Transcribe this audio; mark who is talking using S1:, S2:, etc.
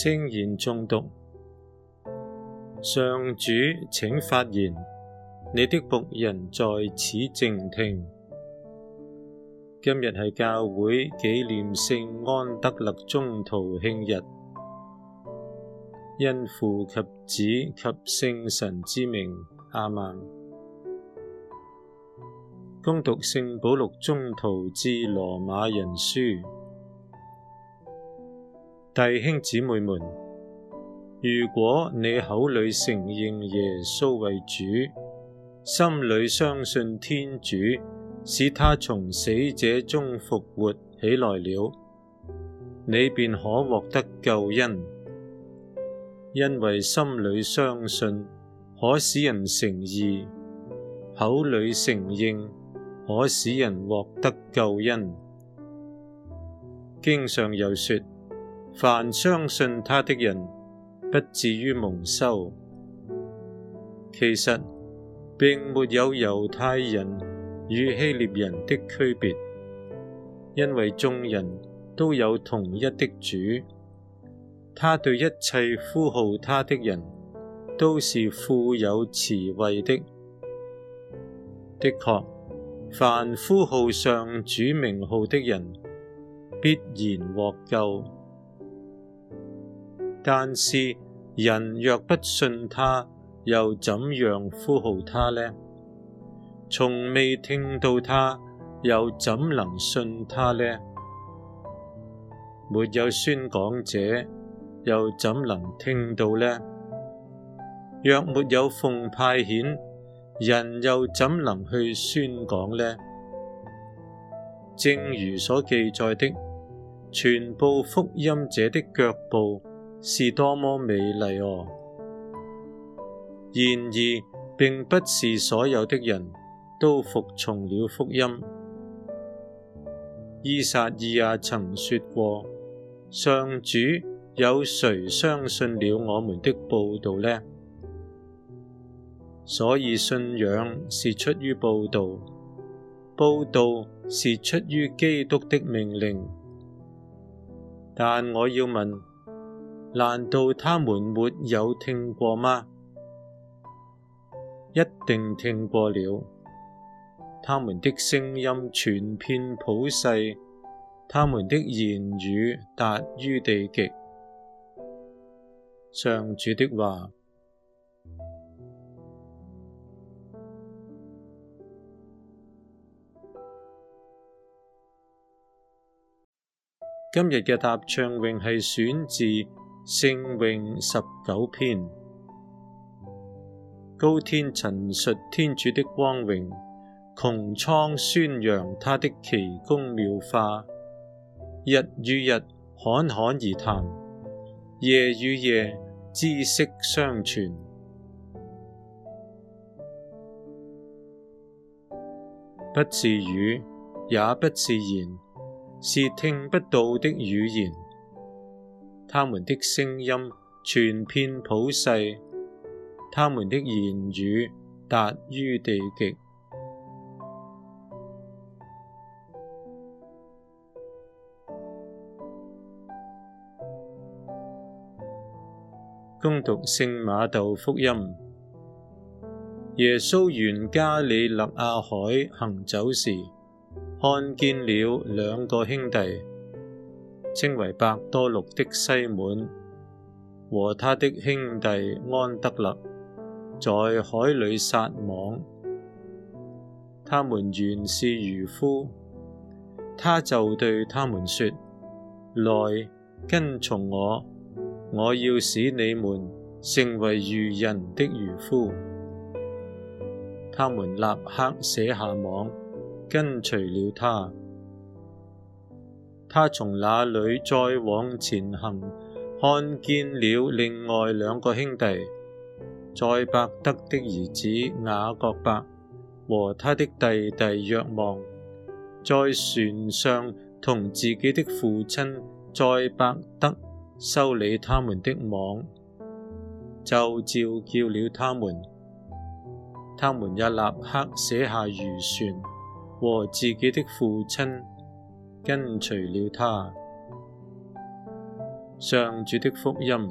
S1: 聖言誦讀，上主，請發言，你的僕人在此靜聽。今日係教會紀念聖安德肋宗徒慶日，因父及子及聖神之名，阿們，恭讀聖保祿宗徒致羅馬人書。弟兄姊妹們，如果你口裏承認耶穌為主，心裏相信天主使他從死者中復活起來了，你便可獲得救恩，因為心裏相信可使人成義，口裏承認可使人獲得救恩。經上又說。凡相信他的人，不至於蒙羞。其實並沒有猶太人與希臘人的區別，因為眾人都有同一的主，他對一切呼號他的人都是富有慈惠的。的確，凡呼號上主名號的人，必然獲救。但是人若不信他，又怎樣呼號他呢？從未聽到他，又怎能信他呢？沒有宣講者，又怎能聽到呢？若沒有奉派遣，人又怎能去宣講呢？正如所記載的，傳佈福音者的腳步。是多麼美麗哦！然而，並不是所有的人都服從了福音。依撒意亞曾說過：上主有誰相信了我們的報道呢？所以信仰是出於報道，報道是出於基督的命令。但我要問。難道他們沒有聽過嗎？一定聽過了。他們的聲音傳遍普世，他們的言語達於地極。上主的話，今日嘅答唱詠係選自。聖詠十九篇，高天陳述天主的光榮，穹蒼宣揚他的奇工妙化。日與日侃侃而談，夜與夜知識相傳。不是語，也不是言，是聽不到的語言。他們的聲音傳遍普世，他們的言語達於地極。恭讀聖瑪竇福音：耶穌沿加里肋亞海行走時，看見了兩個兄弟。稱為伯多祿的西滿和他的兄弟安德肋在海裏撒網。他們原是漁夫，他就對他們說：來，跟從我，我要使你們成為漁人的漁夫。他們立刻捨下網，跟隨了他。他從那裏再往前行，看見了另外兩個兄弟，載伯德的兒子雅各伯和他的弟弟若望，在船上同自己的父親載伯德修理他們的網，就召叫了他們。他們也立刻捨下漁船，和自己的父親，跟隨了他。上主的福音。